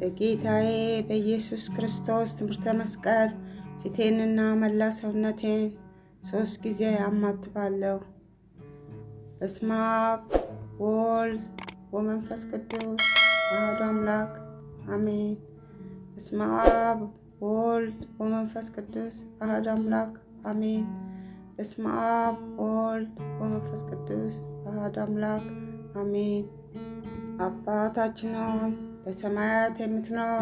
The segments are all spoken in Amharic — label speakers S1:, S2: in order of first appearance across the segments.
S1: በጌታዬ በኢየሱስ ክርስቶስ ትምህርተ መስቀል ፊቴንና መላ ሰውነቴን ሶስት ጊዜ አማትባለሁ። በስመ አብ ወወልድ ወመንፈስ ቅዱስ አሐዱ አምላክ አሜን። በስመ አብ ወወልድ ወመንፈስ ቅዱስ አሐዱ አምላክ አሜን። በስመ አብ ወወልድ ወመንፈስ ቅዱስ አሐዱ አምላክ አሜን። አባታችን ሆይ በሰማያት የምትኖር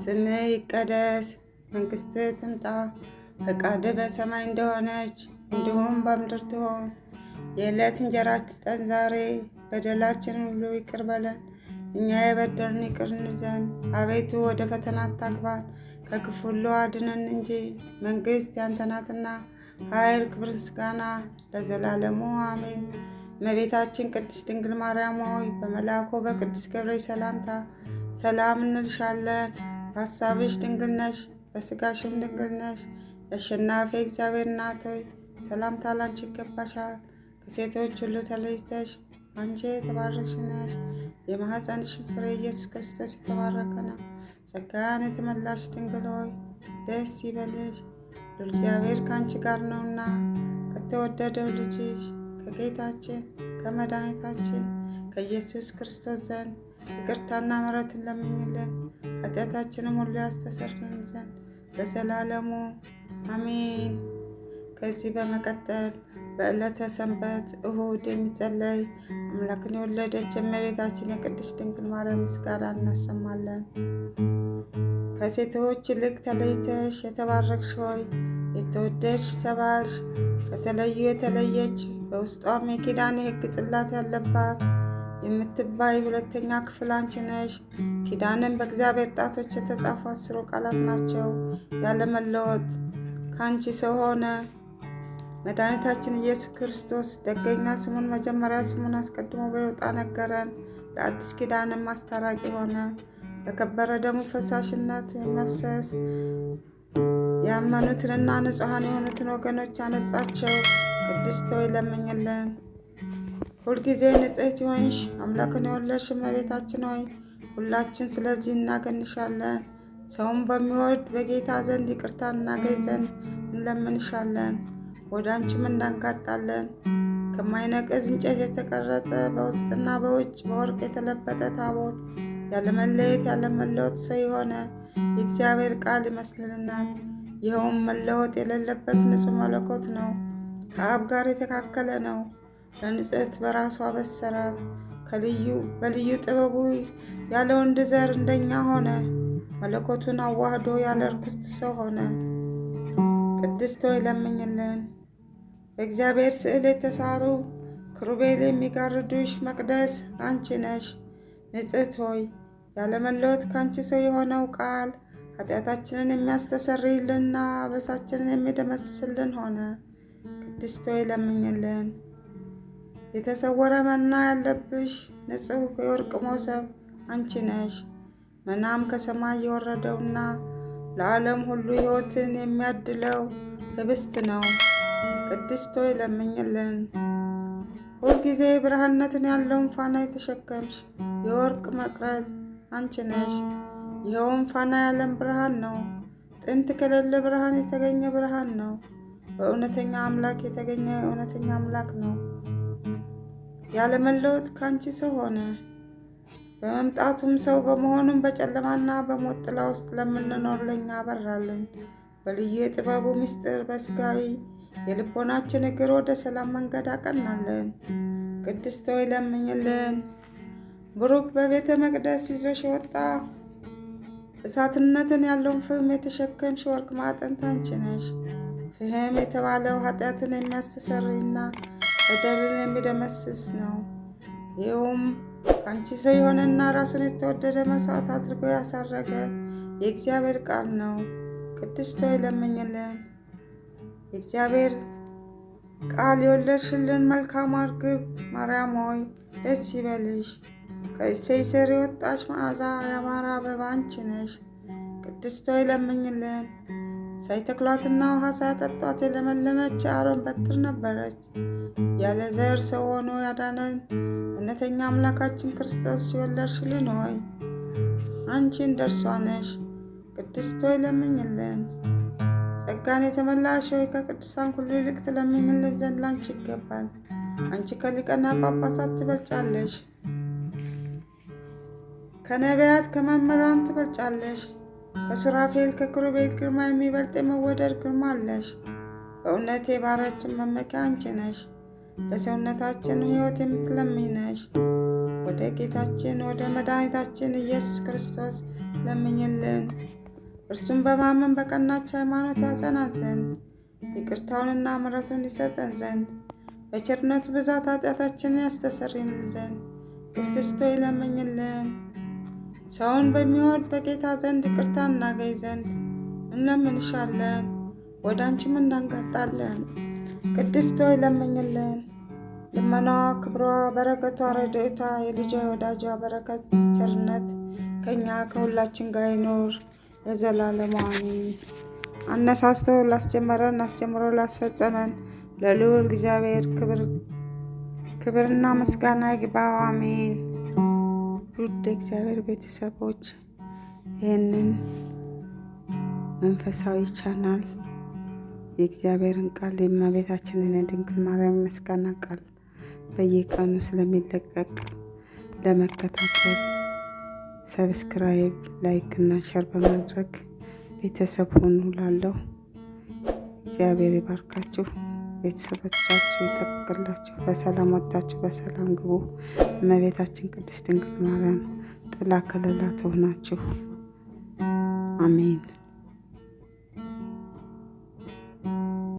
S1: ስም ይቀደስ፣ መንግስት ትምጣ፣ ፈቃድ በሰማይ እንደሆነች እንዲሁም በምድር ትሆን። የዕለት እንጀራችን ስጠን ዛሬ፣ በደላችን ሁሉ ይቅር በለን እኛ የበደርን ይቅር እንል አቤቱ ወደ ፈተና አታግባን ከክፉ ሁሉ አድነን እንጂ መንግስት ያንተ ናትና፣ ኃይል፣ ክብር፣ ምስጋና ለዘላለሙ አሜን። እመቤታችን ቅድስት ድንግል ማርያም ሆይ በመልአኩ በቅዱስ ገብርኤል ሰላምታ ሰላም እንልሻለን። በሀሳብሽ ድንግል ነሽ፣ በስጋሽም ድንግል ነሽ። የአሸናፊ እግዚአብሔር እናት ሆይ ሰላምታ ላንቺ ይገባሻል። ከሴቶች ሁሉ ተለይተሽ አንቺ የተባረክሽ ነሽ። የማኅፀንሽ ፍሬ ኢየሱስ ክርስቶስ የተባረከ ነው። ጸጋን የተመላሽ ድንግል ሆይ ደስ ይበልሽ፣ እግዚአብሔር ከአንቺ ጋር ነውና ከተወደደው ልጅሽ ከጌታችን ከመድኃኒታችን ከኢየሱስ ክርስቶስ ዘንድ ይቅርታና ምሕረትን ለምኝልን ኃጢአታችንም ሁሉ ያስተሰርይልን ዘንድ ለዘላለሙ አሜን። ከዚህ በመቀጠል በዕለተ ሰንበት እሁድ የሚጸለይ አምላክን የወለደች እመቤታችን የቅድስት ድንግል ማርያም ምስጋና እናሰማለን። ከሴቶች ይልቅ ተለይተሽ የተባረክሽ ሆይ የተወደድሽ ተባርሽ ከተለዩ የተለየች በውስጧም የኪዳን የህግ ጽላት ያለባት የምትባይ ሁለተኛ ክፍል አንቺ ነሽ። ኪዳንም በእግዚአብሔር ጣቶች የተጻፉ አስሩ ቃላት ናቸው። ያለመለወጥ ከአንቺ ሰው ሆነ። መድኃኒታችን ኢየሱስ ክርስቶስ ደገኛ ስሙን መጀመሪያ ስሙን አስቀድሞ በይወጣ ነገረን። ለአዲስ ኪዳንም አስታራቂ ሆነ። በከበረ ደሙ ፈሳሽነት መፍሰስ ያመኑትንና ንጹሐን የሆኑትን ወገኖች አነጻቸው። ቅድስት ሆይ ለምኝልን። ሁልጊዜ ንጽሕት ይሆንሽ አምላክን የወለድሽ እመቤታችን ሆይ ሁላችን ስለዚህ እናገንሻለን። ሰውን በሚወድ በጌታ ዘንድ ይቅርታ እናገኝ ዘንድ እንለምንሻለን። ወደ አንቺም እንዳንጋጣለን። ከማይነቅዝ እንጨት የተቀረጠ በውስጥና በውጭ በወርቅ የተለበጠ ታቦት ያለመለየት ያለመለወጥ ሰው የሆነ የእግዚአብሔር ቃል ይመስልልናል። ይኸውም መለወጥ የሌለበት ንጹሕ መለኮት ነው። ከአብ ጋር የተካከለ ነው። ለንጽሕት በራሱ በሰራት ከልዩ በልዩ ጥበቡ ያለ ወንድ ዘር እንደኛ ሆነ። መለኮቱን አዋህዶ ያለ ርኩስ ሰው ሆነ። ቅድስት ሆይ ለምኝልን። በእግዚአብሔር ስዕል የተሳሉ ክሩቤል የሚጋርዱሽ መቅደስ አንቺ ነሽ። ንጽሕት ሆይ ያለመለወት ከአንቺ ሰው የሆነው ቃል ኃጢአታችንን የሚያስተሰርይልንና አበሳችንን የሚደመስስልን ሆነ። ድስቶ ለምኝልን። የተሰወረ መና ያለብሽ ንጹሕ የወርቅ መሶብ አንቺ ነሽ። መናም ከሰማይ የወረደውና ለዓለም ሁሉ ሕይወትን የሚያድለው ህብስት ነው። ቅድስቶ ይለምኝልን። ሁልጊዜ ብርሃንነትን ያለውን ፋና የተሸከምሽ የወርቅ መቅረጽ አንቺ ነሽ። ይኸውም ፋና ያለም ብርሃን ነው። ጥንት ከሌለ ብርሃን የተገኘ ብርሃን ነው። በእውነተኛ አምላክ የተገኘ እውነተኛ አምላክ ነው። ያለመለወጥ ከአንቺ ሰው ሆነ። በመምጣቱም ሰው በመሆኑም በጨለማና በሞት ጥላ ውስጥ ለምንኖር ለኛ አበራልን። በልዩ የጥበቡ ምስጢር በስጋዊ የልቦናችን እግር ወደ ሰላም መንገድ አቀናለን። ቅድስት ሆይ ለምኝልን። ብሩክ በቤተ መቅደስ ይዞሽ ወጣ። እሳትነትን ያለውን ፍም የተሸከምሽ ወርቅ ማዕጠንት አንቺ ነሽ። ፍህም የተባለው ኃጢአትን የሚያስተሰርይና በደልን የሚደመስስ ነው። ይኸውም ከአንቺ ሰው የሆነና ራሱን የተወደደ መስዋዕት አድርጎ ያሳረገ የእግዚአብሔር ቃል ነው። ቅድስት ሆይ ለምኝልን። የእግዚአብሔር ቃል የወለድሽልን መልካም ርግብ ማርያም ሆይ ደስ ይበልሽ። ከእሴይ ስር የወጣሽ መዓዛ ያማረ አበባ አንቺ ነሽ። ቅድስት ሆይ ለምኝልን። ሳይተክሏትና ውሃ ሳያጠጧት የለመለመች አሮን በትር ነበረች። ያለ ዘር ሰው ሆኖ ያዳነን እውነተኛ አምላካችን ክርስቶስ ሲወለርሽልን ሆይ አንቺ እንደርሷ ነሽ። ቅድስት ሆይ ለምኝልን። ጸጋን የተመላሽ ሆይ ከቅዱሳን ሁሉ ይልቅ ትለምኝልን ዘንድ ላንቺ ይገባል። አንቺ ከሊቀና ጳጳሳት ትበልጫለሽ፣ ከነቢያት ከመምህራን ትበልጫለሽ። ከሱራፌል ከክሩቤል ግርማ የሚበልጥ የመወደድ ግርማ አለሽ። በእውነት የባህሪያችን መመኪያ አንቺ ነሽ። በሰውነታችን ሕይወት የምትለሚ ነሽ። ወደ ጌታችን ወደ መድኃኒታችን ኢየሱስ ክርስቶስ ለምኝልን። እርሱም በማመን በቀናች ሃይማኖት ያጸናን ዘንድ ይቅርታውንና ምሕረቱን ይሰጠን ዘንድ በቸርነቱ ብዛት ኃጢአታችንን ያስተሰርይልን ዘንድ ቅድስቶ ይለምኝልን። ሰውን በሚወድ በጌታ ዘንድ ይቅርታ እናገኝ ዘንድ እንለምንሻለን፣ ወደ አንቺም እናንቀጣለን። ቅድስት ሆይ ለምኝልን። ልመናዋ፣ ክብሯ፣ በረከቷ፣ ረድኤቷ፣ የልጇ የወዳጇ በረከት ቸርነት ከኛ ከሁላችን ጋር ይኖር ለዘላለሙ አሜን። አነሳስቶ ላስጀመረን አስጀምሮ ላስፈጸመን ለልዑል እግዚአብሔር ክብርና ምስጋና ይግባው። አሜን። ውድ እግዚአብሔር ቤተሰቦች ይህንን መንፈሳዊ ቻናል የእግዚአብሔርን ቃል የእመቤታችንን የድንግል ማርያም ምስጋና ቃል በየቀኑ ስለሚለቀቅ ለመከታተል ሰብስክራይብ፣ ላይክ እና ሸር በማድረግ ቤተሰብ ሆኑ ላለሁ እግዚአብሔር ይባርካችሁ። ቤተሰቦቻችሁ ይጠብቅላችሁ። በሰላም ወጣችሁ በሰላም ግቡ። እመቤታችን ቅድስት ድንግል ማርያም ጥላ ከለላ ትሆናችሁ። አሜን።